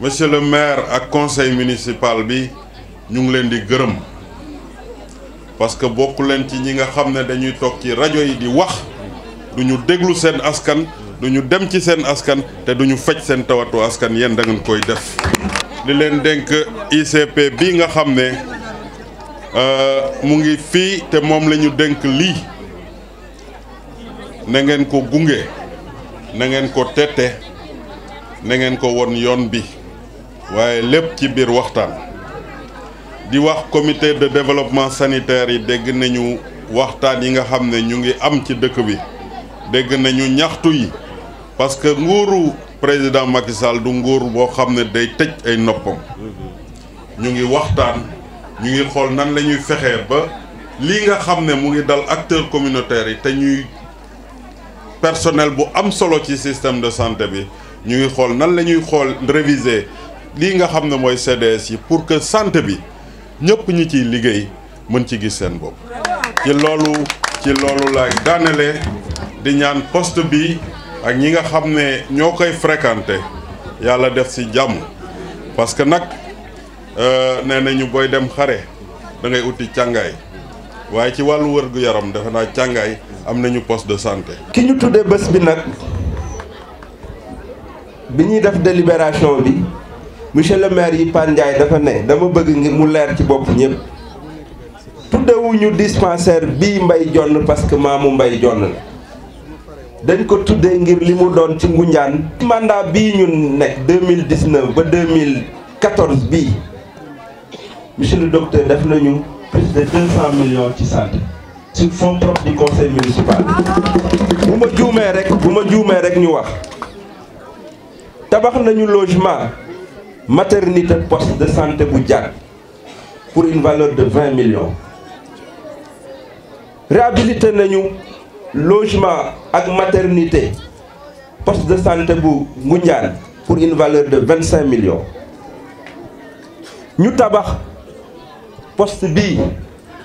monsieur le maire ak conseil municipal bi ñu ngi leen di gërëm parce que bokku leen ci ñi nga xam dañuy ci yi di wax du déglu askan du ñu dem ci askan te du ñu tawatu askan yéen da ngeen koy def li leen dénk ICP bi nga xam ne euh, mu ngi te moom la na ngeen ko gunge na ngeen ko tette na ngeen ko won yoon bi waaye lépp ci biir waxtaan di wax comité de développement sanitaire yi dégg nañu waxtaan yi nga xam ne ñu ngi am ci dëkk bi dégg nañu ñaxtu yi parce que nguuru président Macky du nguur boo xam ne day tëj ay noppam ñu ngi waxtaan ñu ngi xool nan la ñuy fexee ba lii nga xam ne mu ngi dal acteurs communautaires yi te ñuy personnel bu am solo ci système de santé bi ñu ngi xool nan la ñuy xool réviser li nga xamne moy CDS yi pour que santé bi ñepp ñi ci liggéey mën ci gis seen bop ci lolu ci lolu la danelé di ñaan poste bi ak ñi nga xamne ñokay ñoo koy fréquenté yàlla def ci jamm parce que nak nag euh, nee ñu boy dem xaré da ngay outi càngaay waye ci wàllu wërgu yaram defe naa càngaay am nañu poste de santé. ki ñu tuddé bëss bi nak biñuy def délibération bi. monsieur le maire yi Pane Ndiaye dafa ne dama bëgg ngir mu leer ci bopp ñëpp tuddewuñu dispensaire bii Mbay Jonn parce que maamu Mbay Jonn la dañ ko tuddee ngir li mu doon ci Ngoundiane mandat bii ñun nekk 2019 ba 2014 bii monsieur le docteur def nañu plus de 200 millions ci santé sur fonds bu ma juumee rek bu ma juumee rek ñu wax tabax nañu logement maternité poste de santé pour une valeur de 20 millions. Réhabiliter logement et maternité poste de santé pour une valeur de 25 millions. Nous tabac poste B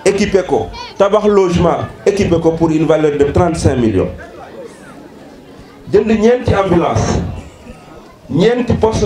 équipé tabak logement équipé pour une valeur de 35 millions. avons une ambulance, un poste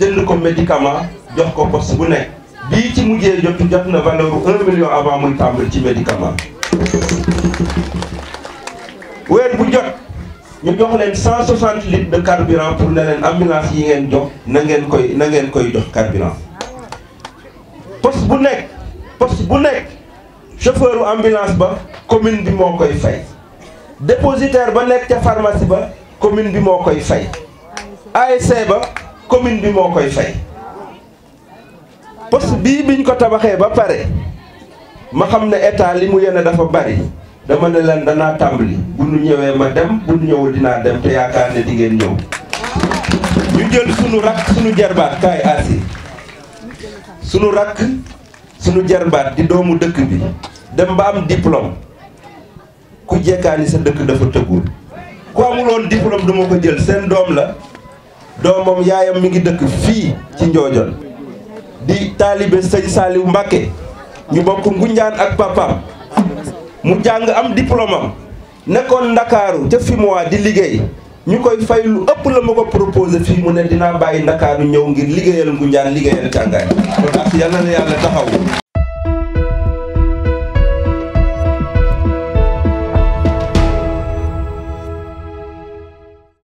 jënd ko médicament jox ko poste bu nekk bii ci mujjee jot jot na valeur bu 1 million avant muy tàmbali ci médicament weer bu jot ñu jox leen 160 litres de carburant pour leen ambulance yi ngeen jox na ngeen koy na ngeen koy jox carburant poste bu nekk poste bu nekk chauffeuru ambulance ba commune bi moo koy fay dépositaire ba nekk ca pharmacie ba commune bi moo koy fay ASC e ba commune bi moo koy fay poste bii biñ ko tabaxee ba pare ma xam ne état li mu yéene dafa bari dama ne leen danaa tàmbali bu nu ñëwee ma dem bu nu ñëwul dinaa dem te yaakaar ne di ngeen ñëw ñu jël sunu rakk sunu jarbaat kaay aasi sunu rakk sunu jarbaat di doomu dëkk bi dem ba am diplôme ku jekkaani sa dëkk dafa tëggul ku amuloon diplôme duma ko jël seen doom la doomam yaayam mi ngi dëkk fii ci Ndiodiol di taalibe sëñ Saliou Mbacké ñu bokk Ngunjaan ak papaam mu jàng am diplôme am nekkoon ndakaaru ca Fimois di liggéey ñu koy fay lu ëpp la ma ko proposé fii mu ne dinaa bàyyi ndakaaru ñëw ngir liggéeyal Ngunjaan liggéeyal càngaay kon ak yal na yàlla taxaw